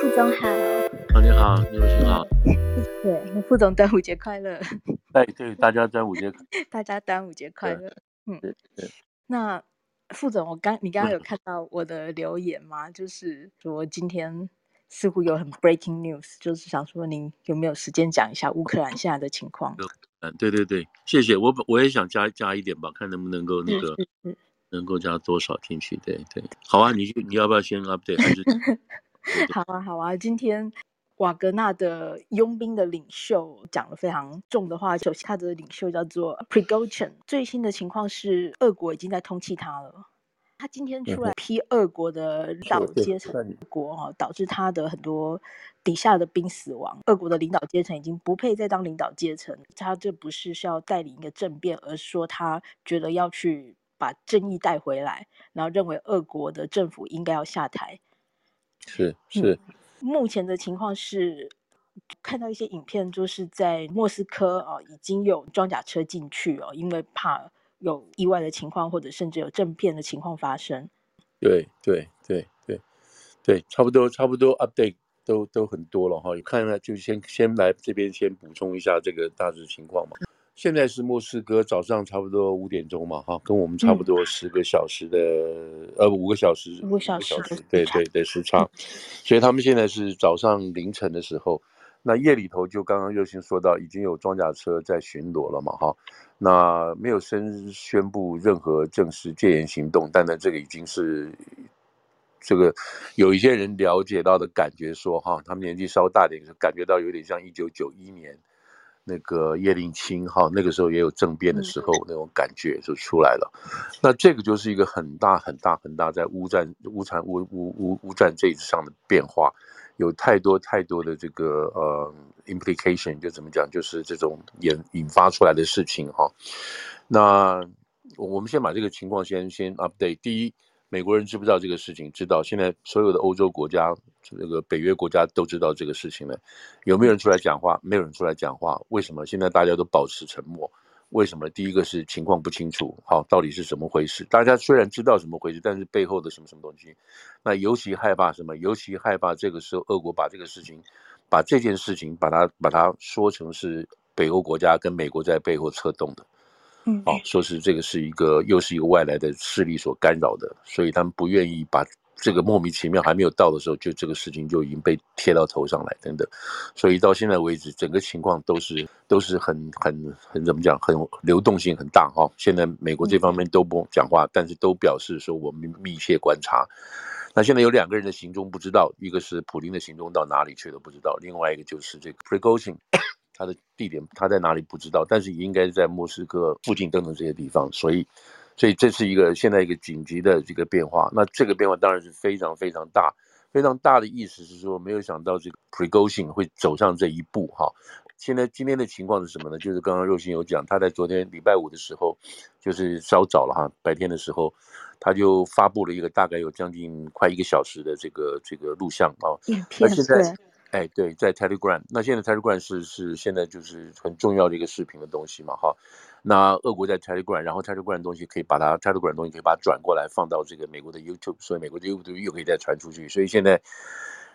副總好，好、啊、你好，你好，謝 副總端午節快樂。哎 對，對，大家端午節， 大家端午節快樂。嗯那副總，我剛你剛剛有看到我的留言嗎？嗯、就是說，今天似乎有很 breaking news，就是想說您有沒有時間講一下烏克蘭現在的情況？嗯對對對，謝謝我我也想加加一點吧，看能不能夠那個、嗯、是是能夠加多少進去。對對，對好啊，你你要不要先 update 還是？ 好啊，好啊！今天瓦格納的傭兵的領袖講了非常重的話。首先，他的領袖叫做 Prigozhin。最新的情況是，俄國已經在通緝他了。他今天出來批俄國的領導階層，國哈導致他的很多底下的兵死亡。俄國的領導階層已經不配再當領導階層。他這不是是要帶領一個政變，而是說他覺得要去把正義帶回來，然後認為俄國的政府應該要下台。是是、嗯，目前的情況是看到一些影片，就是在莫斯科啊、呃、已經有裝甲車進去了，呃，因為怕有意外的情況或者甚至有政變的情況發生。對對對對對，差不多差不多啊，對，update 都都很多了哈。看了就先先來這邊先補充一下這個大致情況嘛。現在是莫斯科早上差不多五點鐘嘛，哈，跟我們差不多十個小時的，嗯、呃，五個小時，五個小時，對對對，時差，嗯、所以他們現在是早上凌晨的時候，那夜裡頭就剛剛又新說到已經有裝甲車在巡邏了嘛，哈，那沒有宣宣布任何正式戒嚴行動，但但這個已經是，這個有一些人了解到的感覺說，哈，他們年紀稍大點，就感覺到有點像一九九一年。那個葉利欽哈，那個時候也有政變的時候，那種感覺就出來了。那這個就是一個很大很大很大在烏戰烏戰烏烏烏烏戰這一上的變化，有太多太多的這個呃 implication，就怎麼講，就是這種引引發出來的事情哈。那我們先把這個情況先先啊，對，第一。美國人知不知道這個事情？知道，現在所有的歐洲國家，這個北約國家都知道這個事情了。有沒有人出來講話？沒有人出來講話。為什麼？現在大家都保持沉默。為什麼？第一個是情況不清楚，好、啊，到底是什麼回事？大家雖然知道什麼回事，但是背後的什麼什麼東西，那尤其害怕什麼？尤其害怕這個時候，俄國把這個事情，把這件事情，把它把它說成是北歐國家跟美國在背後策動的。嗯，哦，說是這個是一個又是一個外來的勢力所干擾的，所以他們不願意把這個莫名其妙還沒有到的時候，就這個事情就已經被貼到頭上來等等，所以到現在為止，整個情況都是都是很很很怎麼講，很流動性很大哈、哦。現在美國這方面都不講話，但是都表示說我們密切觀察。嗯、那現在有兩個人的行蹤不知道，一個是普亭的行蹤到哪裡去了不知道，另外一個就是這個 Prigozhin 他的地點，他在哪裡不知道，但是應該是在莫斯科附近等等這些地方，所以，所以這是一個現在一個緊急的這個變化。那這個變化當然是非常非常大，非常大的意思，是說沒有想到這個 Prigozhin 會走上這一步哈。現在今天的情況是什麼呢？就是剛剛肉心有講，他在昨天禮拜五的時候，就是稍早了哈，白天的時候，他就發佈了一個大概有將近快一個小時的這個這個錄像啊，而且在。哎，對，在 Telegram，那現在 Telegram 是是現在就是很重要的一個視頻的東西嘛，哈，那俄國在 Telegram，然後 Telegram 東西可以把它 Telegram 東西可以把它轉過來放到這個美國的 YouTube，所以美國的 YouTube 又可以再傳出去，所以現在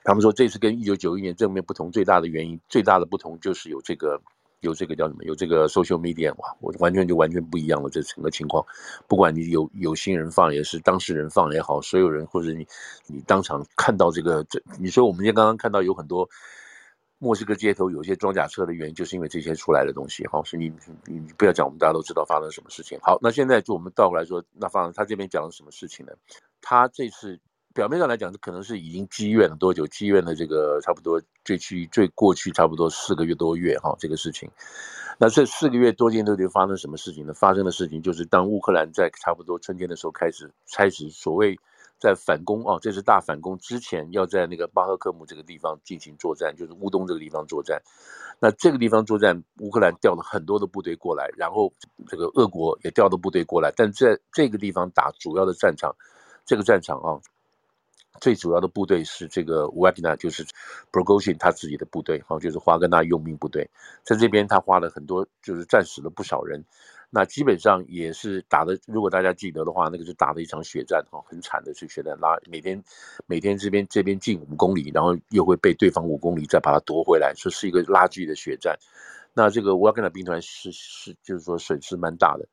他們說這次跟一九九一年正面不同最大的原因，最大的不同就是有這個。有這個叫什麼？有這個 social media 哇，我完全就完全不一樣了，這整個情況，不管你有有心人放，也是當事人放也好，所有人或者你你當場看到這個，這你說我們今天剛剛看到有很多莫斯科街頭有些裝甲車的原因，就是因為這些出來的東西。好，所以你你不要講，我們大家都知道發生什麼事情。好，那現在就我們倒過來說，那放他這邊講了什麼事情呢？他這次。表面上來講，這可能是已經積怨了多久？積怨了這個差不多最去最過去差不多四個月多月哈、啊，這個事情。那這四個月多間，到底發生什麼事情呢？發生的事情就是，當烏克蘭在差不多春天的時候開始開始所謂在反攻啊，這是大反攻之前要在那個巴赫克姆這個地方進行作戰，就是烏東這個地方作戰。那這個地方作戰，烏克蘭調了很多的部隊過來，然後這個俄國也調的部隊過來，但在這個地方打主要的戰場，這個戰場啊。最主要的部隊是這個瓦格納，就是普里格津他自己的部隊，哈、啊，就是華格納傭兵部隊，在這邊他花了很多，就是戰死了不少人。那基本上也是打的，如果大家記得的話，那個是打了一場血戰，哈、啊，很慘的血戰，拉每天每天這邊這邊進五公里，然後又會被對方五公里再把它奪回來，說是一個拉鋸的血戰。那這個瓦格納兵團是是，是就是說損失蠻大的。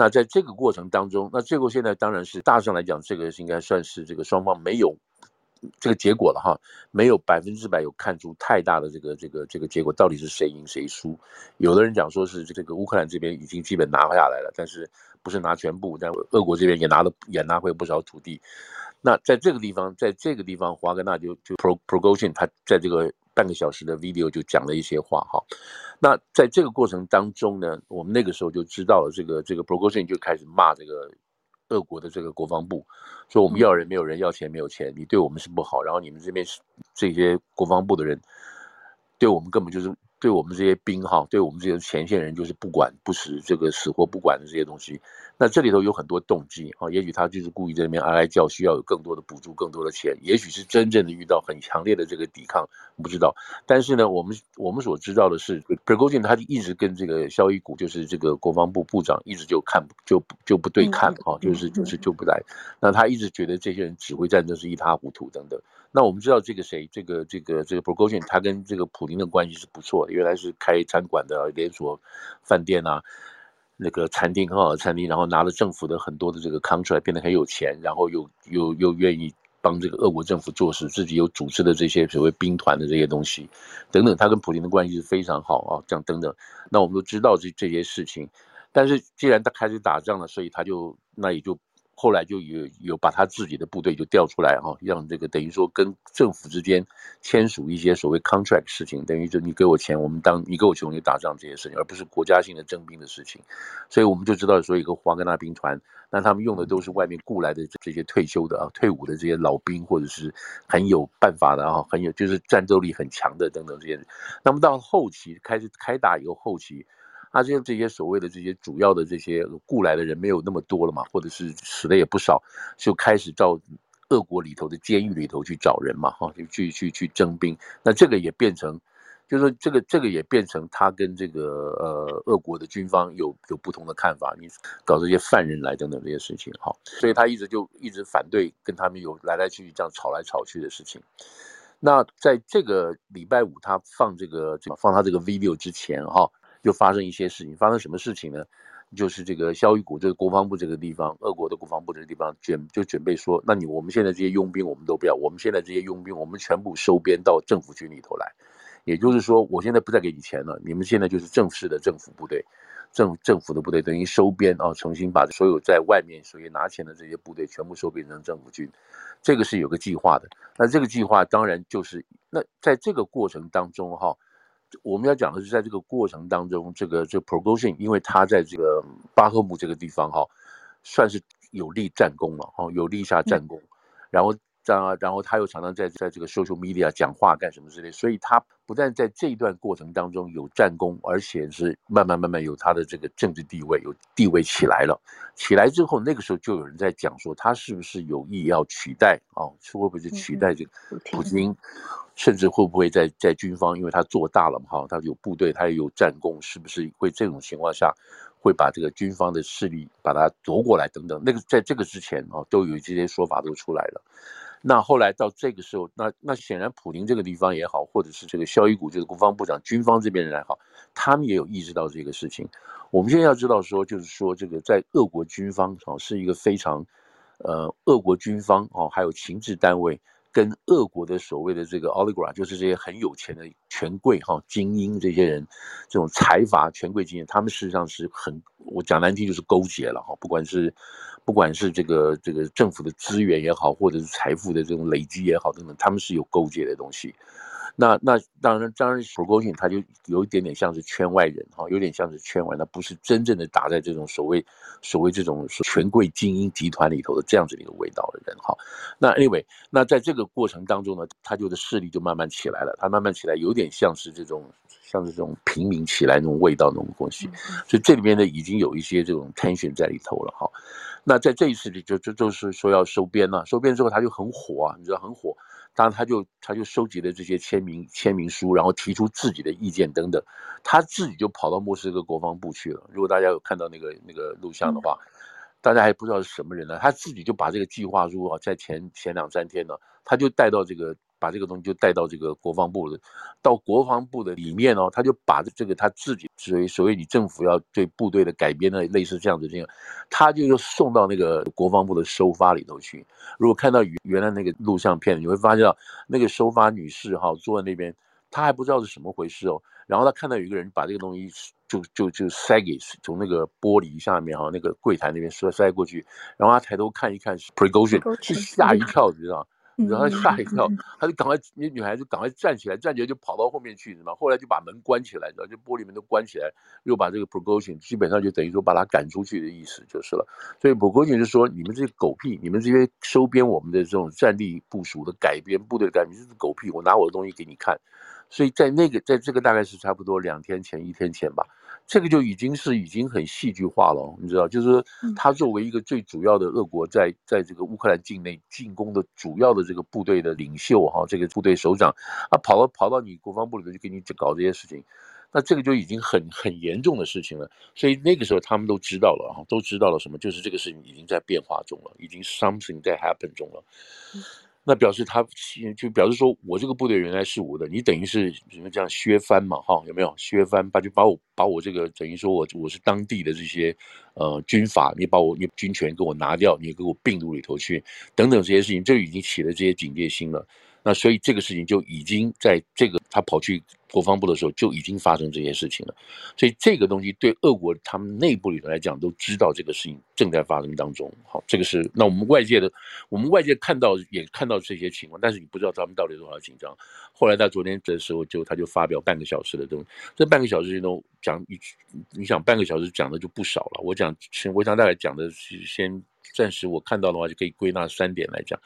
那在這個過程當中，那最後現在當然是大致上來講，這個應該算是這個雙方沒有這個結果了哈，沒有百分之百有看出太大的這個這個這個結果到底是誰贏誰輸。有的人講說是這個烏克蘭這邊已經基本拿下來了，但是不是拿全部，但俄國這邊也拿了也拿回不少土地。那在這個地方，在這個地方，華格納就就 Pri-Prigozhin，他在這個。半個小時的 video 就講了一些話哈，那在這個過程當中呢，我們那個時候就知道了這個這個 Prigozhin 就開始罵這個俄國的這個國防部，說我們要人沒有人，要錢沒有錢，你對我們是不好，然後你們這邊是這些國防部的人對我們根本就是。對我們這些兵哈，對我們這些前線人就是不管不死，這個死活不管的這些東西。那這裡頭有很多動機啊，也許他就是故意在那邊哀叫，需要有更多的補助，更多的錢。也許是真正的遇到很強烈的這個抵抗，不知道。但是呢，我們我們所知道的是 Prigozhin 他就一直跟這個蕭伊古，就是這個國防部部長，一直就看就就不對看啊，就是就是就不來。那他一直覺得這些人指揮戰爭是一塌糊塗等等。那我們知道這個誰，這個這個這個 Prigozhin，他跟這個普林的關係是不錯的。原來是開餐館的、啊、連鎖飯店啊，那個餐廳很好，好的餐廳，然後拿了政府的很多的這個 contract，變得很有錢，然後又又又願意幫這個俄國政府做事，自己又組織的這些所謂兵團的這些東西，等等，他跟普京的關係是非常好啊，這樣等等，那我們都知道這這些事情，但是既然他開始打仗了，所以他就那也就。後來就有有把他自己的部隊就調出來哈、啊，讓這個等於說跟政府之間簽署一些所謂 contract 事情，等於就你給我錢，我們當你給我錢，我就打仗這些事情，而不是國家性的徵兵的事情。所以我們就知道說一個華格納兵團，那他們用的都是外面雇來的這些退休的啊、退伍的這些老兵，或者是很有辦法的啊、很有就是戰鬥力很強的等等這些。那麼到後期開始開打以後，後期。啊，就這些所謂的這些主要的這些僱來的人沒有那麼多了嘛，或者是死的也不少，就開始到俄國裡頭的監獄裡頭去找人嘛，哈、啊，去去去去徵兵。那這個也變成，就是、說這個這個也變成他跟這個呃俄國的軍方有有不同的看法，你搞這些犯人來等等這些事情，哈、啊，所以他一直就一直反對跟他們有來來去去這樣吵來吵去的事情。那在這個禮拜五他放這個放他這個 video 之前，哈、啊。就發生一些事情，發生什麼事情呢？就是這個紹伊古這個國防部這個地方，俄國的國防部這個地方，準就準備說，那你我們現在這些傭兵我們都不要，我們現在這些傭兵，我們全部收編到政府軍裡頭來。也就是說，我現在不再給你錢了，你們現在就是正式的政府部隊，政政府的部隊等於收編啊，重新把所有在外面所有拿錢的這些部隊全部收編成政府軍，這個是有個計劃的。那這個計劃當然就是那在這個過程當中哈、啊。我們要講的是，在這個過程當中，這個這 Prigozhin，因為他在這個巴赫姆這個地方哈，算是有立戰功了哈，有立下戰功，然後這樣，然後他又常常在在這個 social media 講話幹什麼之類，所以他。不但在這一段過程當中有戰功，而且是慢慢慢慢有他的這個政治地位，有地位起來了。起來之後，那個時候就有人在講說，他是不是有意要取代啊？會不會取代這個普京？嗯嗯、甚至會不會在在軍方，因為他做大了嘛，哈、啊，他有部隊，他也有戰功，是不是會這種情況下會把這個軍方的勢力把他奪過來等等？那個在這個之前啊，都有這些說法都出來了。那後來到這個時候，那那顯然普亭這個地方也好，或者是這個肖伊古這個國防部長、軍方這邊人也好，他們也有意識到這個事情。我們現在要知道說，就是說這個在俄國軍方啊，是一個非常，呃，俄國軍方啊、哦，還有情治單位。跟俄國的所謂的這個 oligarch，就是這些很有錢的權貴哈精英這些人，這種財閥權貴精英，他們事實上是很，我講難聽就是勾結了哈，不管是，不管是這個這個政府的資源也好，或者是財富的這種累積也好等等，他們是有勾結的東西。那那當然當然普里格津他就有一點點像是圈外人哈、哦，有點像是圈外，他不是真正的打在這種所謂所謂這種是權貴精英集團裡頭的這樣子的一個味道的人哈、哦。那 anyway 那在這個過程當中呢，他就是勢力就慢慢起來了，他慢慢起來有點像是這種像是這種平民起來那種味道那種東西，所以這裡面呢已經有一些這種 tension 在裡頭了哈、哦。那在這一次就就就是說要收編了，收編之後他就很火啊，你知道很火。當然他，他就他就收集了這些簽名簽名書，然後提出自己的意見等等。他自己就跑到莫斯科國防部去了。如果大家有看到那個那個錄像的話，大家還不知道是什麼人呢。他自己就把這個計劃書啊，在前前兩三天呢、啊，他就帶到這個。把這個東西就帶到這個國防部的，到國防部的裡面哦，他就把這個他自己所以所謂你政府要對部隊的改編的類似這樣子，這樣，他就又送到那個國防部的收發裡頭去。如果看到原，原來那個錄像片，你會發現到那個收發女士哈坐在那邊，她還不知道是什麼回事哦。然後她看到有一個人把這個東西就就就塞給從那個玻璃下面哈那個櫃檯那邊塞塞過去，然後她抬頭看一看是 Prigozhin 嚇一跳，你知道嗎？然後他嚇一跳，他就趕快，那女孩子就趕快站起來，站起來就跑到後面去，知道嗎？後來就把門關起來，你知道，玻璃門都關起來，又把這個 Prigozhin 基本上就等於說把他趕出去的意思就是了。所以 Prigozhin 就說，你們這些狗屁，你們這些收編我們的這種戰力部署的改編部隊，的改編，就是狗屁。我拿我的東西給你看，所以在那個，在這個大概是差不多兩天前，一天前吧。這個就已經是已經很戲劇化了，你知道，就是他作為一個最主要的俄國在在這個烏克蘭境內進攻的主要的這個部隊的領袖哈，這個部隊首長，啊，跑到跑到你國防部裡面去給你搞這些事情，那這個就已經很很嚴重的事情了。所以那個時候他們都知道了哈，都知道了什麼，就是這個事情已經在變化中了，已經 something 在 happen 中了。那表示他，就表示說我這個部隊原來是我的，你等於是什麼叫削藩嘛，哈，有沒有削藩？把就把我把我這個等於說我我是當地的這些，呃，軍閥，你把我你軍權給我拿掉，你給我併入裡頭去，等等這些事情，就已經起了這些警戒心了。那所以這個事情就已經在這個他跑去國防部的時候，就已經發生這些事情了，所以這個東西對俄國他們內部裡頭來講都知道這個事情正在發生當中。好，這個是那我們外界的，我們外界看到也看到這些情況，但是你不知道他們到底有多少緊張。後來他昨天的時候就他就發表半個小時的東西，這半個小時都講一，你想半個小時講的就不少了。我講，先，我想大概講的是先。暫時我看到的話就可以歸納三點來講，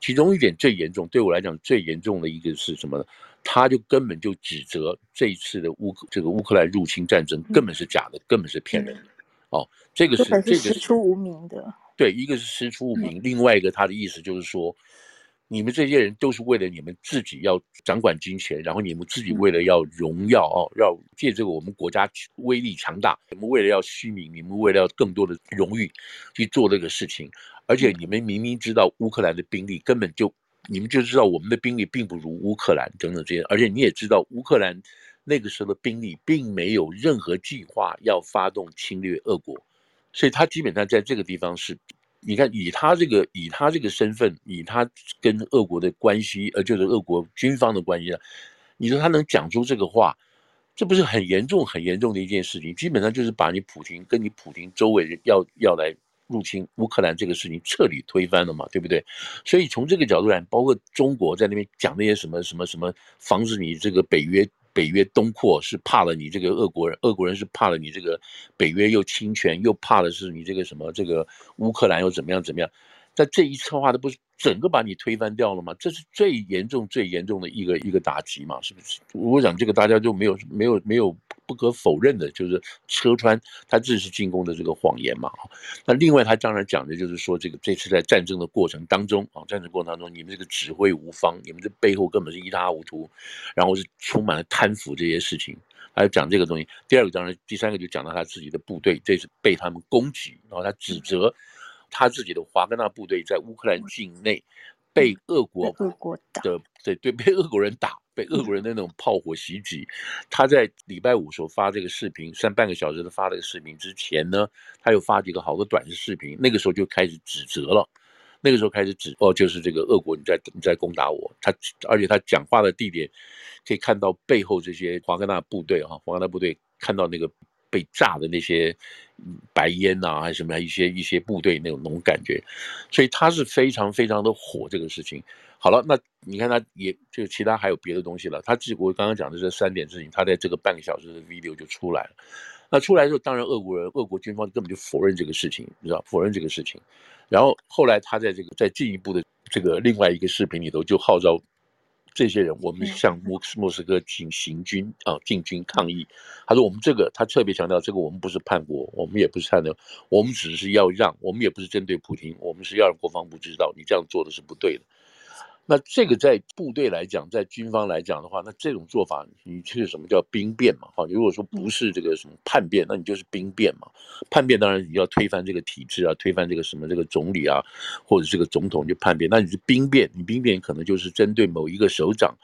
其中一點最嚴重，對我來講最嚴重的一個是什麼呢？他就根本就指責這一次的烏克這個烏克蘭入侵戰爭根本是假的，嗯、根本是騙人的。嗯、哦，這個是這個師出無名的，對，一個是師出無名，另外一個他的意思就是說。你們這些人都是為了你們自己要掌管金錢，然後你們自己為了要榮耀哦、啊，要借這個我們國家威力強大，你們為了要虛名，你們為了要更多的榮譽去做這個事情。而且你們明明知道烏克蘭的兵力根本就，你們就知道我們的兵力並不如烏克蘭等等這些。而且你也知道，烏克蘭那個時候的兵力並沒有任何計劃要發動侵略俄國，所以他基本上在這個地方是。你看，以他這個以他這個身份，以他跟俄國的關係，呃，就是俄國軍方的關係了。你說他能講出這個話，這不是很嚴重、很嚴重的一件事情？基本上就是把你普亭跟你普亭周圍要要來入侵烏克蘭這個事情徹底推翻了嘛，對不對？所以從這個角度來，包括中國在那邊講那些什麼什麼什麼，什麼防止你這個北約。北約東擴是怕了你這個俄國人，俄國人是怕了你這個北約又侵權，又怕的是你這個什麼這個烏克蘭又怎麼樣怎麼樣？在這一策劃的不是整個把你推翻掉了嗎？這是最嚴重最嚴重的一個一個打擊嘛，是不是？我想這個大家就沒有沒有沒有。沒有沒有不可否認的就是戳穿他這次進攻的這個謊言嘛,那另外他當然講的就是說，這個這次在戰爭的過程當中啊，戰爭過程當中你們這個指揮無方，你們這背後根本是一塌糊塗，然後是充滿了貪腐這些事情。他講這個東西，第二個當然，第三個就講到他自己的部隊這次被他們攻擊，然後他指責他自己的華格納部隊在烏克蘭境內被俄國的對對被俄國人打。被俄國人的那種炮火襲擊，他在禮拜五時候發這個視頻，算半個小時的發這個視頻之前呢，他又發幾個好多短視頻，那個時候就開始指責了，那個時候開始指哦，就是這個俄國你在你在攻打我，他而且他講話的地點可以看到背後這些華格納部隊啊，華格納部隊看到那個被炸的那些白煙吶、啊，還什麼一些一些部隊那種那種感覺，所以他是非常非常的火這個事情。好了，那你看他也就其他還有別的東西了。他自國剛剛講的這三點事情，他在這個半個小時的 video 就出來了。那出來之後，當然俄國人，俄國軍方根本就否認這個事情，你知道，否認這個事情。然後後來他在這個再進一步的這個另外一個視頻裡頭，就號召這些人，我們向莫莫斯科進行軍啊進軍抗議。他說我們這個，他特別強調這個，我們不是叛國，我們也不是叛逃，我們只是要讓我們也不是針對普京，我們是要讓國防部知道你這樣做的是不對的。那這個在部隊來講，在軍方來講的話，那這種做法，你就是什麼叫兵變嘛。好，如果說不是這個什麼叛變，那你就是兵變嘛。叛變當然你要推翻這個體制啊，推翻這個什麼這個總理啊，或者這個總統就叛變，那你是兵變。你兵變可能就是針對某一個首長，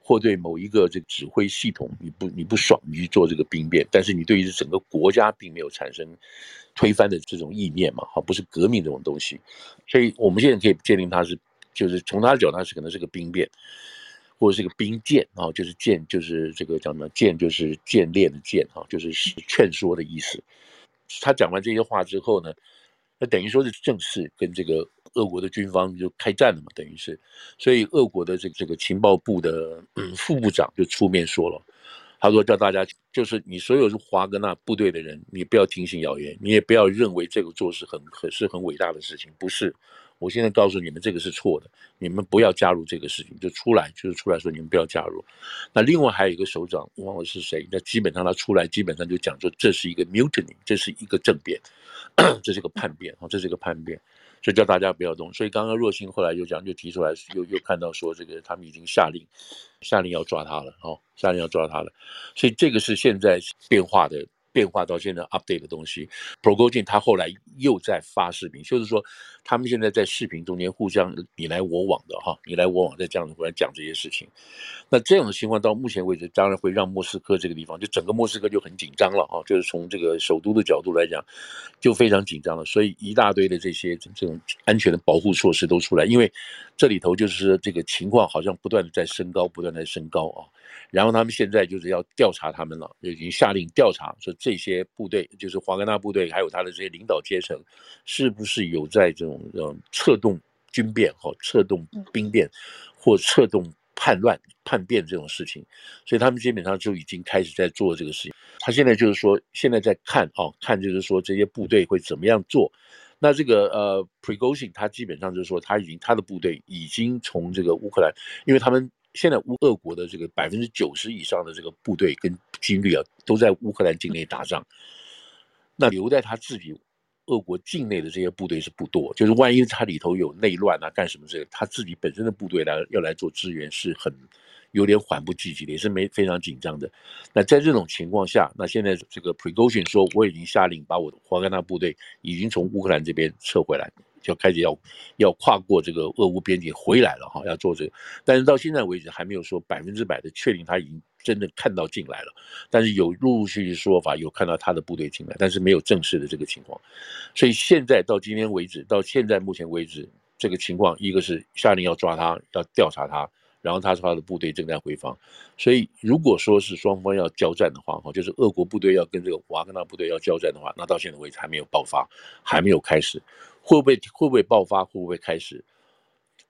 或對某一個這個指揮系統，你不你不爽，你去做這個兵變。但是你對於整個國家並沒有產生推翻的這種意念嘛？好，不是革命這種東西。所以我們現在可以界定它是。就是從他的角度是可能是個兵變，或者是個兵諫啊，就是諫，就是這個叫什麼諫，就是諫諫的諫啊，就是勸說的意思。他講完這些話之後呢，那等於說是正式跟這個俄國的軍方就開戰了嘛，等於是。所以俄國的這個這個情報部的副部長就出面說了，他說叫大家就是你所有是華格納部隊的人，你不要聽信謠言，你也不要認為這個做事很很是很偉大的事情，不是。我現在告訴你們，這個是錯的，你們不要加入這個事情，就出來，就是出來說你們不要加入。那另外還有一個首長，忘了是誰，那基本上他出來基本上就講說這是一個 mutiny，這是一個政變，這是一個叛變，這是一個叛變，哦，這是一個叛變，所以叫大家不要動。所以剛剛若星後來又講，就提出來，又又看到說這個他們已經下令，下令要抓他了，哈、哦，下令要抓他了。所以這個是現在變化的。變化到現在，update 的東西 Prigozhin 他後來又在發視頻，就是說他們現在在視頻中間互相你來我往的哈、啊，你來我往在這樣子過來講這些事情。那這樣的情況到目前為止，當然會讓莫斯科這個地方就整個莫斯科就很緊張了啊，就是從這個首都的角度來講就非常緊張了，所以一大堆的這些這種安全的保護措施都出來，因為這裡頭就是這個情況好像不斷的在升高，不斷的在升高啊。然後他們現在就是要調查他們了，就已經下令調查，說這些部隊就是華格納部隊，還有他的這些領導階層，是不是有在這種呃、嗯、策動軍變、哈、哦、策動兵變或策動叛亂、叛變這種事情？所以他們基本上就已經開始在做這個事情。他現在就是說，現在在看啊、哦，看就是說這些部隊會怎麼樣做。那這個呃 Prigozhin 他基本上就是說他已經他的部隊已經從這個烏克蘭，因為他們。現在烏俄國的這個百分之九十以上的這個部隊跟軍力啊，都在烏克蘭境內打仗。那留在他自己俄國境內的這些部隊是不多，就是萬一他裡頭有內亂啊，幹什麼這個，他自己本身的部隊來要來做支援是很有點緩不濟急的，也是沒非常緊張的。那在這種情況下，那現在這個 Prigozhin 說，我已經下令把我的華格納部隊已經從烏克蘭這邊撤回來。就開始要要跨過這個俄烏邊界回來了哈，要做這個，但是到現在為止還沒有說百分之百的確定他已經真的看到進來了，但是有陸陸續續說法有看到他的部隊進來，但是沒有正式的這個情況。所以現在到今天為止，到現在目前為止這個情況，一個是下令要抓他，要調查他，然後他說他的部隊正在回防。所以如果說是雙方要交戰的話，哈，就是俄國部隊要跟這個瓦格納部隊要交戰的話，那到現在為止還沒有爆發，還沒有開始。會不會會不會爆發？會不會開始？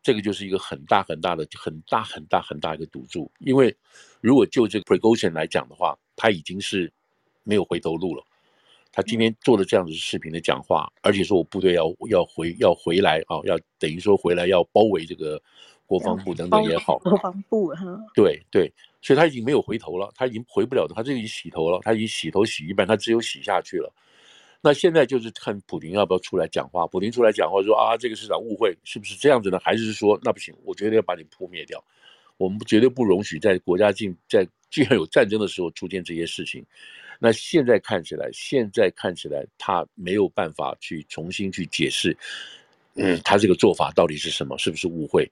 這個就是一個很大很大的很大很大很大一個賭注。因為如果就這個 Prigozhin 來講的話，他已經是沒有回頭路了。他今天做了這樣子視頻的講話，嗯、而且說我部隊要要回要回來啊、哦，要等於說回來要包圍這個國防部等等也好，國防部哈。對對，所以他已經沒有回頭了，他已經回不了的，他就已經洗頭了，他已經洗頭洗一半，他只有洗下去了。那現在就是看普亭要不要出來講話。普亭出來講話說啊，這個是場誤會，是不是這樣子呢？還是說那不行，我絕對要把你撲滅掉。我們絕對不容許在國家進，在既然有戰爭的時候出現這些事情。那現在看起來，現在看起來他沒有辦法去重新去解釋，嗯，他這個做法到底是什麼？是不是誤會？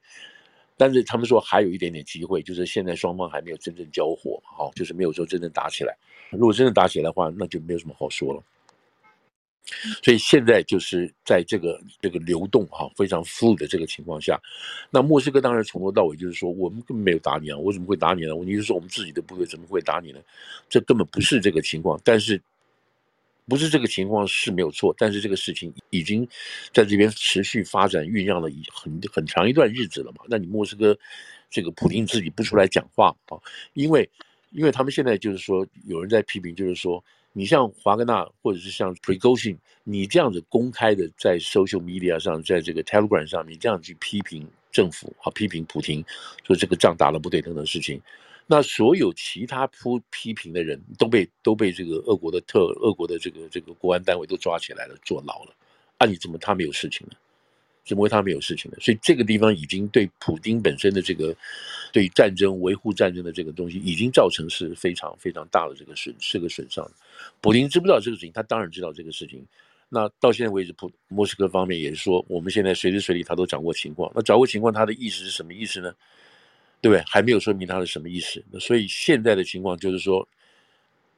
但是他們說還有一點點機會，就是現在雙方還沒有真正交火，好，就是沒有說真正打起來。如果真的打起來的話，那就沒有什麼好說了。所以現在就是在這個這個流動哈、啊、非常 fluid 的這個情況下，那莫斯科當然從頭到尾就是說我們根本沒有打你啊，我怎麼會打你呢？你就說我們自己的部隊怎麼會打你呢？這根本不是這個情況。但是不是這個情況是沒有錯，但是這個事情已經在這邊持續發展醞釀了很很長一段日子了嘛。那你莫斯科這個普亭自己不出來講話啊？因為因為他們現在就是說有人在批評，就是說。你像華格納或者是像 Prigozhin，你這樣子公開的在 social media 上，在這個 Telegram 上，你這樣去批評政府，好批評普亭，說這個仗打了不對等等事情，那所有其他批批評的人都被都被這個俄國的特俄國的這個這個國安單位都抓起來了坐牢了，啊，你怎麼他沒有事情呢？只因為他沒有事情了，所以這個地方已經對普京本身的這個對戰爭、維護戰爭的這個東西，已經造成是非常非常大的這個損，是個損傷。普京知不知道這個事情？他當然知道這個事情。那到現在為止，普莫斯科方面也是說，我們現在隨時隨地他都掌握情況。那掌握情況，他的意思是什麼意思呢？對不對？還沒有說明他的什麼意思。那所以現在的情況就是說。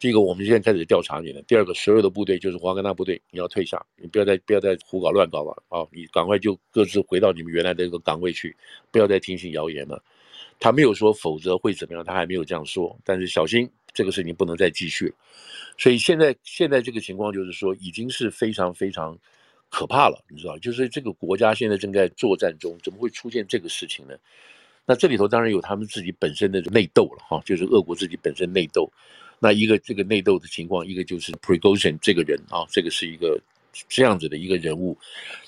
第一個，我們現在開始調查你了。第二個，所有的部隊，就是瓦格納部隊，你要退下，你不要再不要再胡搞亂搞了啊！你趕快就各自回到你們原來的這個崗位去，不要再聽信謠言了。他沒有說否則會怎麼樣，他還沒有這樣說。但是小心，這個事情不能再繼續。所以現在現在這個情況就是說，已經是非常非常可怕了，你知道？就是這個國家現在正在作戰中，怎麼會出現這個事情呢？那這裡頭當然有他們自己本身的內鬥了哈、啊，就是俄國自己本身內鬥。那一個這個內鬥的情況，一個就是 Prigozhin 這個人啊，這個是一個這樣子的一個人物。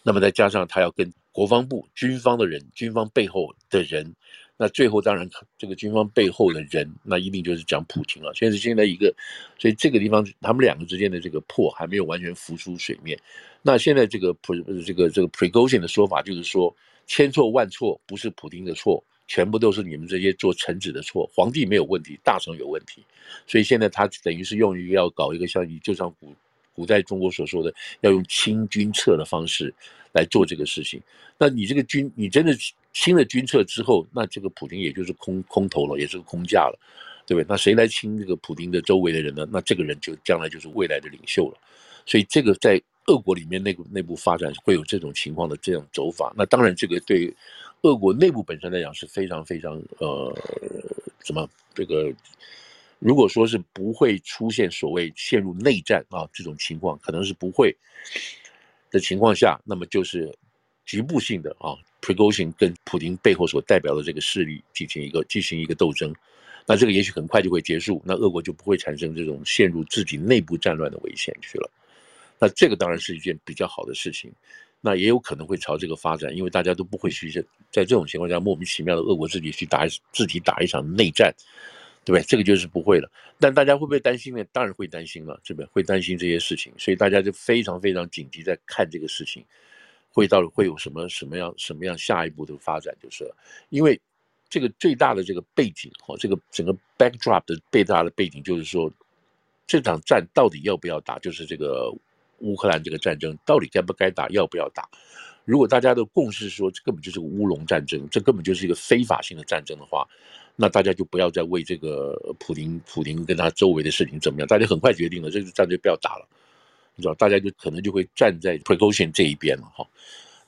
那麼再加上他要跟國防部、軍方的人、軍方背後的人，那最後當然這個軍方背後的人，那一定就是講普京了、啊。所以現在一個，所以這個地方他們兩個之間的這個破還沒有完全浮出水面。那現在這個 Pr 這個這個、這個、Prigozhin 的說法就是說，千錯萬錯不是普京的錯。全部都是你們這些做臣子的錯，皇帝沒有問題，大臣有問題，所以現在他等於是用於要搞一個像你，就像古古代中國所說的，要用清君側的方式來做這個事情。那你這個君，你真的清了君側之後，那這個普京也就是空空頭了，也是空架了，對不對？那誰來清這個普京的周圍的人呢？那這個人就將來就是未來的領袖了。所以這個在俄國裡面內部內部發展會有這種情況的這樣走法。那當然，這個對。俄國內部本身來講是非常非常呃，怎麼這個？如果說是不會出現所謂陷入內戰啊這種情況，可能是不會的情況下，那麼就是局部性的啊，Prigozhin 跟普亭背後所代表的這個勢力進行一個進行一個鬥爭，那這個也許很快就會結束，那俄國就不會產生這種陷入自己內部戰亂的危險去了。那這個當然是一件比較好的事情。那也有可能會朝這個發展，因為大家都不會去在在這種情況下莫名其妙的俄國自己去打自己打一場內戰，對不對？這個就是不會了。但大家會不會擔心呢？當然會擔心了、啊，對吧，會擔心這些事情，所以大家就非常非常緊急在看這個事情會到會有什麼什麼樣什麼樣下一步的發展就是了。因為這個最大的這個背景哈、哦，這個整個 backdrop 的最大的背景就是說，這場戰到底要不要打，就是這個。烏克蘭這個戰爭到底該不該打，要不要打？如果大家都共識說這根本就是個烏龍戰爭，這根本就是一個非法性的戰爭的話，那大家就不要再為這個普亭普亭跟他周圍的事情怎麼樣？大家很快決定了這個戰爭不要打了，你知道，大家就可能就會站在 precaution 這一邊了哈。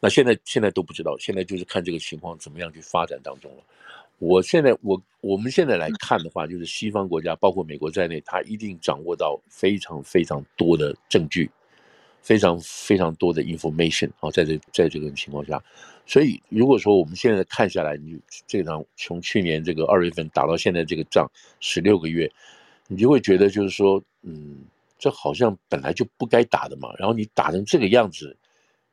那現在現在都不知道，現在就是看這個情況怎麼樣去發展當中了。我現在我我們現在來看的話，就是西方國家包括美國在內，他一定掌握到非常非常多的證據。非常非常多的 information 啊、哦，在這在這個情況下，所以如果說我們現在看下來，你這場從去年這個二月份打到現在這個仗十六個月，你就會覺得就是說，嗯，這好像本來就不該打的嘛，然後你打成這個樣子，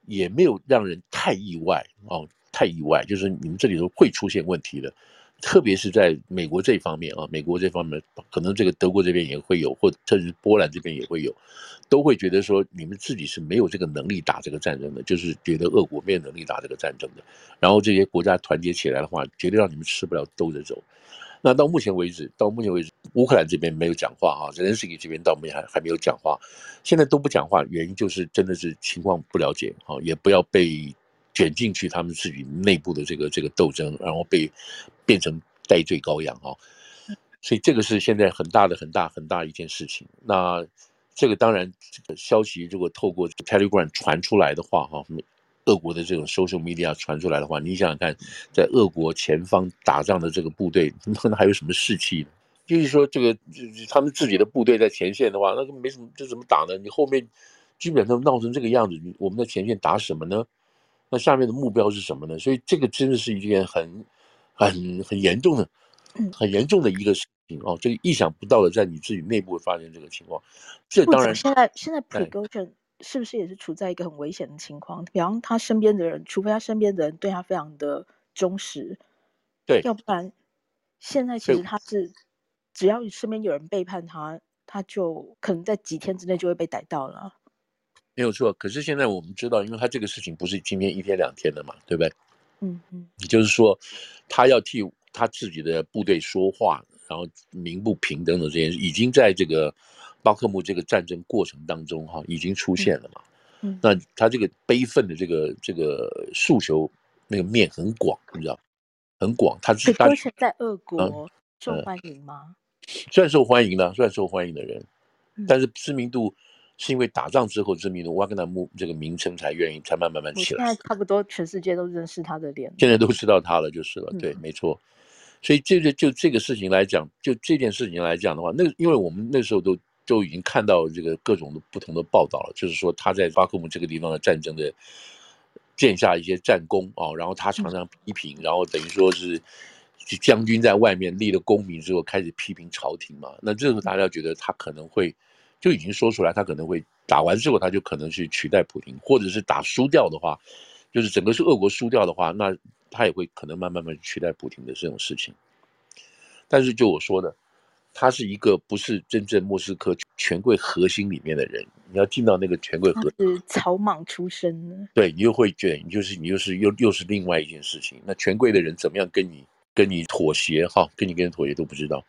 也沒有讓人太意外哦，太意外，就是你們這裡頭會出現問題的。特別是在美國這方面啊，美國這方面可能這個德國這邊也會有，或甚至波蘭這邊也會有，都會覺得說你們自己是沒有這個能力打這個戰爭的，就是覺得俄國沒有能力打這個戰爭的。然後這些國家團結起來的話，絕對讓你們吃不了兜着走。那到目前為止，到目前為止，烏克蘭這邊沒有講話啊，澤連斯基這邊到沒還還沒有講話，現在都不講話，原因就是真的是情況不了解啊，也不要被捲進去他們自己內部的這個這個鬥爭，然後被。變成戴罪羔羊啊，所以這個是現在很大的、很大、很大一件事情。那這個當然，這個消息如果透過 Telegram 傳出來的話，哈，俄國的這種 social media 傳出來的話，你想想看，在俄國前方打仗的這個部隊，可能還有什麼士氣？就是說，這個就他們自己的部隊在前線的話，那個沒什麼，就怎麼打呢？你後面基本上鬧成這個樣子，我們在前線打什麼呢？那下面的目標是什麼呢？所以這個真的是一件很。很很嚴重的，很嚴重的一個事情啊！這、嗯哦、意想不到的，在你自己內部會發生這個情況，這當然現在現在普里格津是不是也是處在一個很危險的情況？比方他身邊的人，除非他身邊的人對他非常的忠實，對，要不然現在其實他是，對只要你身邊有人背叛他，他就可能在幾天之內就會被逮到了。沒有錯，可是現在我們知道，因為他這個事情不是今天一天兩天的嘛，對不對？嗯，也就是說，他要替他自己的部隊說話，然後鳴不平等等這些，已經在這個巴克木這個戰爭過程當中哈，已經出現了嘛。嗯嗯，那他這個悲憤的這個這個訴求那個面很廣，你知道，很廣。他是在俄國受歡迎嗎？嗯嗯。算受歡迎了，算受歡迎的人，但是知名度。是因為打仗之後，知名的瓦格納姆這個名稱才願意才慢慢慢起來。現在差不多全世界都認識他的臉。現在都知道他了，就是了。嗯、對，沒錯。所以這個就這個事情來講，就這件事情來講的話，那因為我們那時候都都已經看到這個各種的不同的報道了，就是說他在巴克姆這個地方的戰爭的建下一些戰功啊、哦，然後他常常批評，嗯、然後等於說是將軍在外面立了功名之後，開始批評朝廷嘛。那這時候大家覺得他可能會。就已經說出來，他可能會打完之後，他就可能去取代普亭，或者是打輸掉的話，就是整個是俄國輸掉的話，那他也會可能慢慢慢慢取代普亭的這種事情。但是就我說的，他是一個不是真正莫斯科權貴核心裡面的人，你要進到那個權貴核心，是草莽出身 對你又會卷、就是，你就是你又是又又是另外一件事情。那權貴的人怎麼樣跟你？嗯跟你妥協哈，跟你跟你妥協都不知道，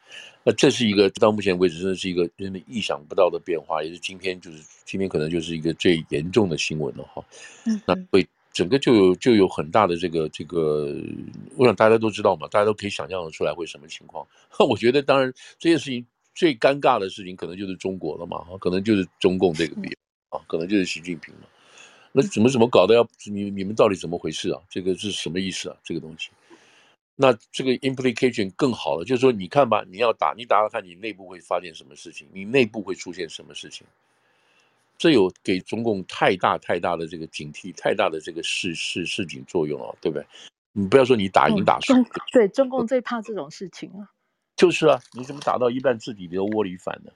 那這是一個到目前為止真的是一個人的意想不到的變化，也是今天就是今天可能就是一個最嚴重的新聞了哈。嗯哼，那會整個就有就有很大的這個這個，我想大家都知道嘛，大家都可以想象的出來會什麼情況。我覺得當然這件事情最尷尬的事情可能就是中國了嘛，哈可能就是中共這個比、嗯、啊，可能就是習近平了。那怎麼怎麼搞的要，你你們到底怎麼回事啊？這個是什麼意思啊？這個東西。那這個 implication 更好了，就是說，你看吧，你要打，你打了看，你內部會發現什麼事情，你內部會出現什麼事情，這有給中共太大太大的這個警惕，太大的這個示示示警作用啊、哦，對不對？你不要說你打贏打輸，嗯、對中共最怕這種事情了、啊。就是啊，你怎麼打到一半自己都窩裡反呢？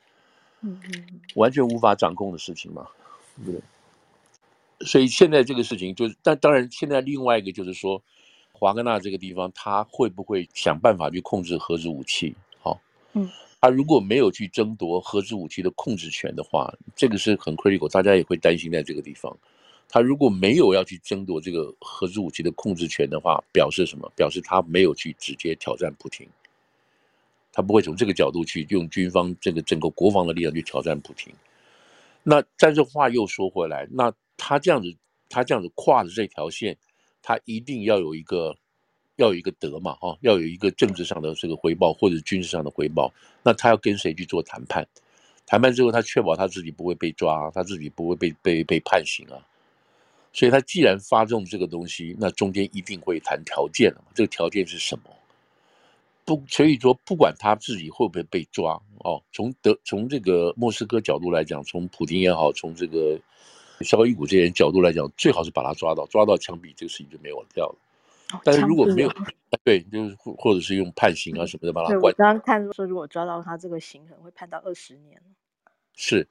嗯嗯，完全無法掌控的事情嘛，對不對？所以現在這個事情就是，但當然，現在另外一個就是說。瓦格納這個地方，他會不會想辦法去控制核子武器？好，嗯，他如果沒有去爭奪核子武器的控制權的話，這個是很 critical，大家也會擔心在這個地方。他如果沒有要去爭奪這個核子武器的控制權的話，表示什麼？表示他沒有去直接挑戰普亭，他不會從這個角度去用軍方這個整個國防的力量去挑戰普亭。那，但是話又說回來，那他這樣子，他這樣子跨着這條線。他一定要有一個，要有一個德嘛，哈、哦，要有一個政治上的這個回報，或者軍事上的回報。那他要跟誰去做談判？談判之後，他確保他自己不會被抓，他自己不會被被被判刑啊。所以他既然發動這個東西，那中間一定會談條件了嘛。這個條件是什麼？不，所以說不管他自己會不會被抓，哦，從德，從這個莫斯科角度來講，從普京也好，從這個。稍微一股這些人角度來講，最好是把他抓到，抓到槍斃，這個事情就沒有掉了。但是如果沒有，對，就或或者是用判刑啊什麼的把他關。我剛剛看說，如果抓到他，這個刑可能會判到二十年。是，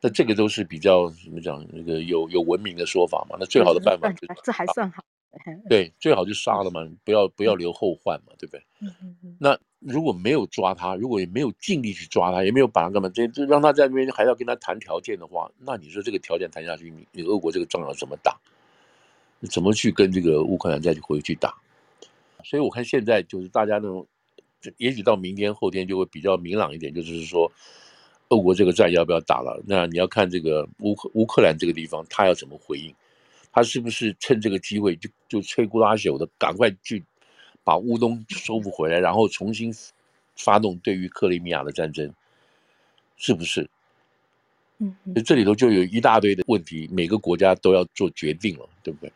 那這個都是比較怎麼講？那個有有文明的說法嘛？那最好的辦法，這還算好。對，最好就殺了嘛，不要不要留後患嘛，對不對？那。如果沒有抓他，如果也沒有盡力去抓他，也沒有把他幹嘛，這這讓他在那邊還要跟他談條件的話，那你說這個條件談下去，你你俄國這個仗要怎麼打？怎麼去跟這個烏克蘭再去回去打？所以我看現在就是大家那種，也許到明天後天就會比較明朗一點，就是說，俄國這個戰要不要打了？那你要看這個烏克烏克蘭這個地方，他要怎麼回應？他是不是趁這個機會就就摧枯拉朽的趕快去？把烏東收復回來，然後重新發動對於克里米亞的戰爭，是不是？嗯，就這裡頭就有一大堆的問題，每個國家都要做決定了，對不對？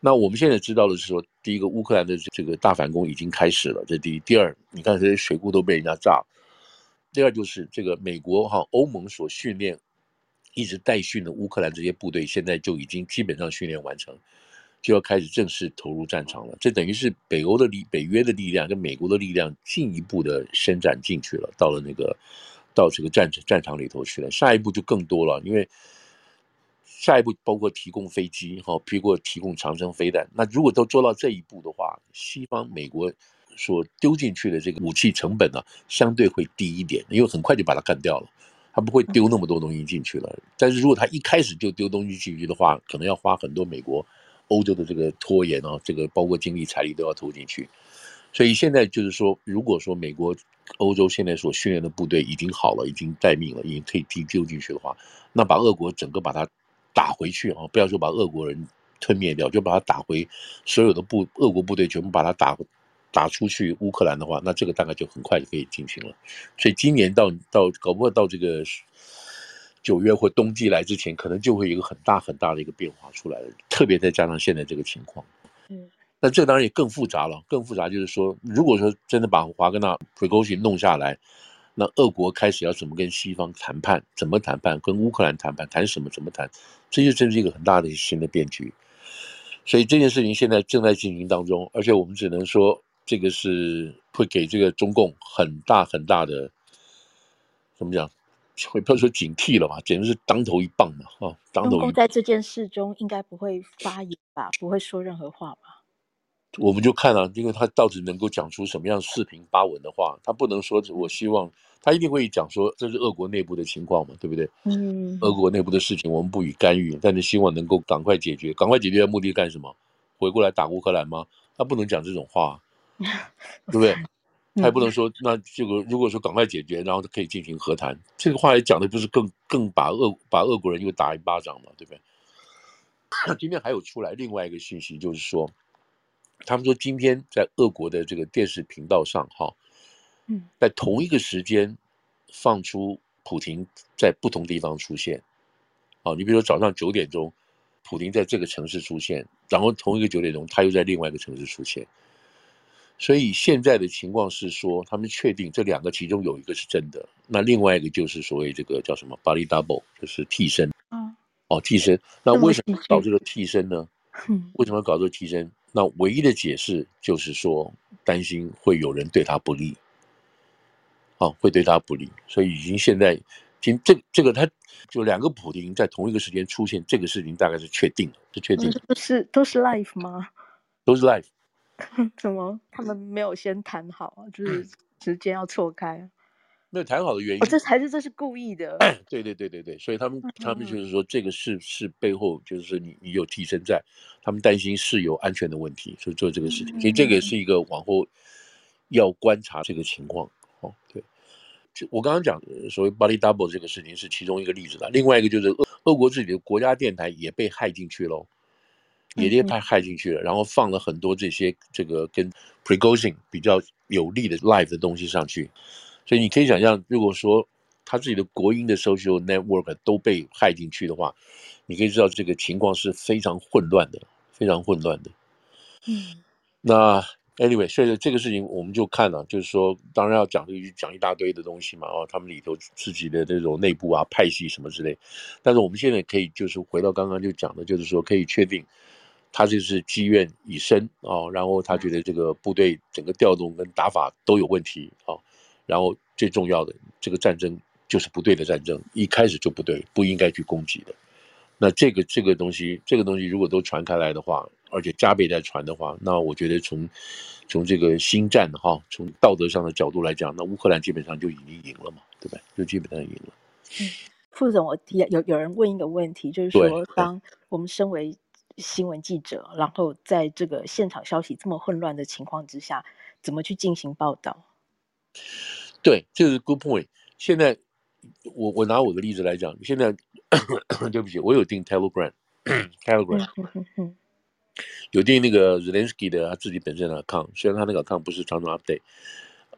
那我們現在知道的是說，第一個，烏克蘭的這個大反攻已經開始了，這第一；第二，你看這些水庫都被人家炸。第二就是這個美國哈歐盟所訓練，一直代訓的烏克蘭這些部隊，現在就已經基本上訓練完成。就要開始正式投入戰場了，這等於是北歐的力，北約的力量跟美國的力量進一步的伸展進去了，到了那個，到這個戰戰場裡頭去了。下一步就更多了，因為下一步包括提供飛機，哈，包括提供長程飛彈。那如果都做到這一步的話，西方美國所丟進去的這個武器成本呢，啊，相對會低一點，因為很快就把它幹掉了，它不會丟那麼多東西進去了。嗯、但是如果它一開始就丟東西進去的話，可能要花很多美國。歐洲的這個拖延啊，這個包括精力、財力都要投進去，所以現在就是說，如果說美國、歐洲現在所訓練的部隊已經好了，已經待命了，已經可以丟丟進去的話，那把俄國整個把它打回去啊，不要說把俄國人吞滅掉，就把它打回所有的部，俄國部隊全部把它打打出去烏克蘭的話，那這個大概就很快就可以進行了。所以今年到到，搞不好到這個。九月或冬季來之前，可能就會有一個很大很大的一個變化出來了。特別再加上現在這個情況，嗯，那這當然也更複雜了。更複雜就是說，如果說真的把華格納回 r a 弄下來，那俄國開始要怎麼跟西方談判？怎麼談判？跟烏克蘭談判？談什麼？怎麼談？這就真是一個很大的新的變局。所以這件事情現在正在進行當中，而且我們只能說，這個是會給這個中共很大很大的，怎麼講？會不要說警惕了吧？簡直是當頭一棒嘛！哦、啊，當頭一棒。在這件事中，應該不會發言吧？不會說任何話吧？我們就看啊，因為他到底能夠講出什麼樣四平八穩的話？他不能說“我希望”，他一定會講說：“這是俄國內部的情況嘛，對不對？”嗯，俄國內部的事情我們不予干預，但是希望能夠趕快解決。趕快解決的目的幹什麼？回過來打烏克蘭嗎？他不能講這種話，啊， 對不對？ 還不能說，那這個如果說趕快解決，然後就可以進行和談，這個話也講的不是更更把俄把俄國人又打一巴掌嘛，對不對？今天還有出來另外一個信息，就是說，他們說今天在俄國的這個電視頻道上，哈，嗯，在同一個時間放出普亭在不同地方出現，啊、哦，你比如說早上九點鐘，普亭在這個城市出現，然後同一個九點鐘他又在另外一個城市出現。所以現在的情況是說，他們確定這兩個其中有一個是真的，那另外一個就是所謂這個叫什麼 body double”，就是替身。哦，替身。那為什麼搞這個替身呢？為什麼搞這個替身？那唯一的解釋就是說，擔心會有人對他不利，啊，會對他不利。所以已經現在，已經這這個他，就兩個普丁在同一個時間出現，這個事情大概是確定了，是確定。是都是 life 嗎？都是 life。 怎麼？他們沒有先談好啊？就是時間要錯開，啊，沒有談好的原因。哦、這才是，是這是故意的 。對對對對對，所以他們他們就是說，這個是是背後就是你你有替身在，他們擔心是有安全的問題，所以做這個事情。所以這個也是一個往後要觀察這個情況。哦，對，就我剛剛講的所謂 body double 這個事情是其中一個例子的，另外一個就是俄，俄國自己的國家電台也被駭進去嘍。也被派害進去了，嗯嗯嗯嗯嗯，然後放了很多這些這個跟 Prigozhin 比較有利的 live 的東西上去，所以你可以想象，如果說他自己的國營的 social network 都被害進去的話，你可以知道這個情況是非常混亂的，非常混亂的。嗯，嗯，嗯嗯、那 anyway，所以這個事情我們就看了，就是說當然要講這個講一大堆的東西嘛，哦，他們裡頭自己的這種內部啊派系什麼之類，但是我們現在可以就是回到剛剛就講的，就是說可以確定。他就是積怨已深哦，然後他覺得這個部隊整個調動跟打法都有問題哦，然後最重要的這個戰爭就是不對的戰爭，一開始就不對，不應該去攻擊的。那這個這個東西，這個東西如果都傳開來的話，而且加倍在傳的話，那我覺得從從這個心戰哈，哦，從道德上的角度來講，那烏克蘭基本上就已經贏了嘛，對吧？就基本上贏了。嗯，副總，我提，有有人問一個問題，就是說，當我們身為。新聞記者，然後在這個現場消息這麼混亂的情況之下，怎麼去進行報道？對，就是 good point。現在，我我拿我的例子來講，現在 對不起，我有訂 Telegram，Telegram Te 有訂那個 Zelensky 的他自己本身的 account 雖然他那個 account 不是常常 update。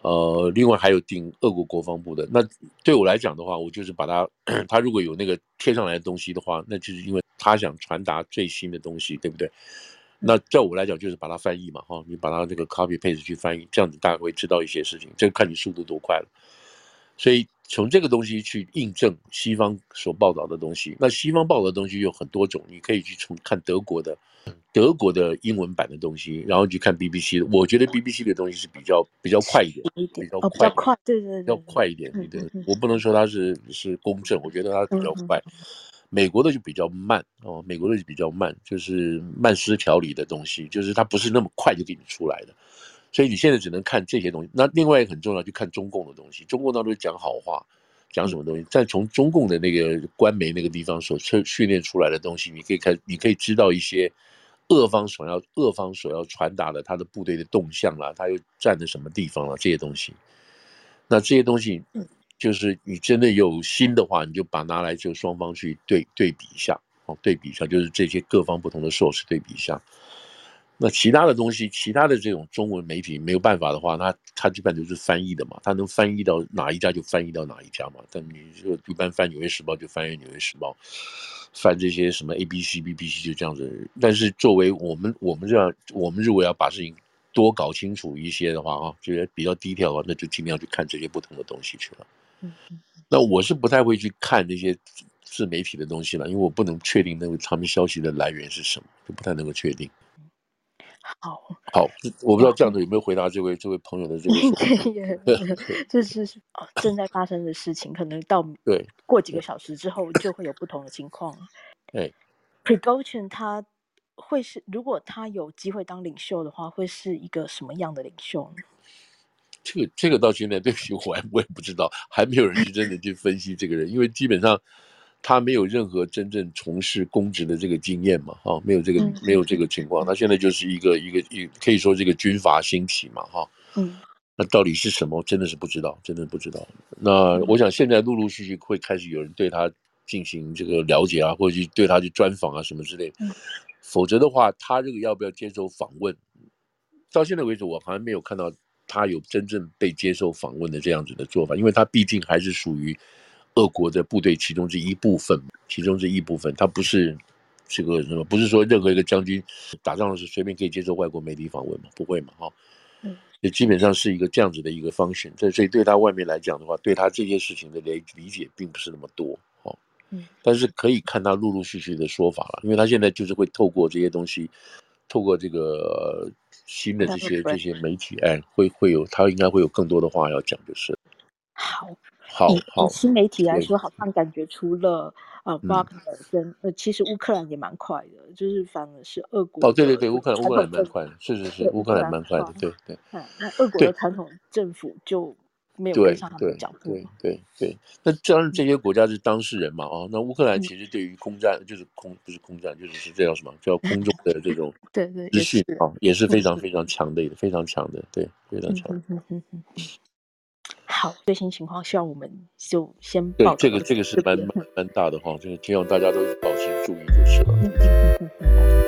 呃，另外還有訂俄國國防部的。那對我來講的話，我就是把他，他如果有那個貼上來的東西的話，那就是因為。他想傳達最新的東西，對不對？那照我來講，就是把它翻譯嘛，哈，你把它這個 copy paste 去翻譯，這樣子大家會知道一些事情。這個看你速度多快了。所以從這個東西去印證西方所報道的東西。那西方報道的東西有很多種，你可以去從看德國的，德國的英文版的東西，然後去看 BBC。我覺得 BBC 的東西是比較比較快一點，比較快，哦，比較快，對對對對，要快一點，對不對？嗯嗯嗯。我不能說它是是公正，我覺得它比較快。嗯嗯美國的就比較慢哦，美國的就比較慢，就是慢斯條理的東西，就是它不是那麼快就給你出來的，所以你現在只能看這些東西。那另外一個很重要，就看中共的東西。中共當中講好話，講什麼東西？但從中共的那個官媒那個地方所訓訓練出來的東西，你可以看，你可以知道一些俄方所要，俄方所要傳達的他的部隊的動向啦，他又站在什麼地方啦，這些東西。那這些東西。就是你真的有心的話，你就把拿來就雙方去對對比一下，哦，對比一下，就是這些各方不同的 source 對比一下。那其他的東西，其他的這種中文媒體沒有辦法的話，那它，它基本都是翻譯的嘛，它能翻譯到哪一家就翻譯到哪一家嘛。但你一般翻《紐約時報》就翻譯《紐約時報》，翻這些什麼 ABC、BBC 就這樣子。但是作為我們，我們這樣，我們如果要把事情多搞清楚一些的話，啊、哦，覺得比較低調的話，那就盡量去看這些不同的東西去了。那我是不太會去看那些自媒體的東西了，因為我不能確定那個他們消息的來源是什麼，就不太能夠確定。好，好，我不知道這樣子有沒有回答這位 這位朋友的這個，對，這是正在發生的事情， 可能到對過幾個小時之後就會有不同的情況。對，Prigozhin 他會是如果他有機會當領袖的話，會是一個什麼樣的領袖呢？這個這個到現在對不起，我，我也不知道，還沒有人去真的去分析這個人，因為基本上他沒有任何真正從事公職的這個經驗嘛，哈、哦，沒有這個沒有這個情況，嗯、他現在就是一個、嗯、一個一可以說這個軍閥興起嘛，哈、哦，嗯、那到底是什麼真的是不知道，真的不知道。那我想現在陸陸續續續會開始有人對他進行這個了解啊，或者去對他去專訪啊什麼之類，嗯、否則的話，他這個要不要接受訪問，到現在為止我好像沒有看到。他有真正被接受訪問的這樣子的做法，因為他畢竟還是屬於俄國的部隊其中之一部分，其中之一部分，他不是這個什麼，不是說任何一個將軍打仗的時候隨便可以接受外國媒體訪問嘛？不會嘛，哈，嗯，基本上是一個這樣子的一個方式，所以對他外面來講的話，對他這些事情的理理解並不是那麼多，哈，嗯，但是可以看他陸陸續續的說法了，因為他現在就是會透過這些東西，透過這個。新的這些這些媒體，哎，會會有他應該會有更多的話要講，就是。好。好。嗯、好。嗯、新媒體來說，好像感覺除了啊，烏克蘭本身，呃、嗯，其實烏克蘭也蠻快的，就是反而是俄國的。哦，對對對，烏克蘭烏克蘭蠻快的，是是是，烏對克蘭蠻快的，對對、嗯。那俄國的傳統政府就。沒有對對對對對，那當然這些國家是當事人嘛啊、嗯哦，那烏克蘭其實對於空戰、嗯、就是空不是空戰，就是是這叫什麼？叫空中的這種 對對資訊啊、哦，也是非常非常強的，非常強的，對非常強。好，最新情況，希望我們就先報這個，這個是蠻蠻大的哈， 就是希望大家都保持注意就是了。嗯哼嗯哼嗯哼。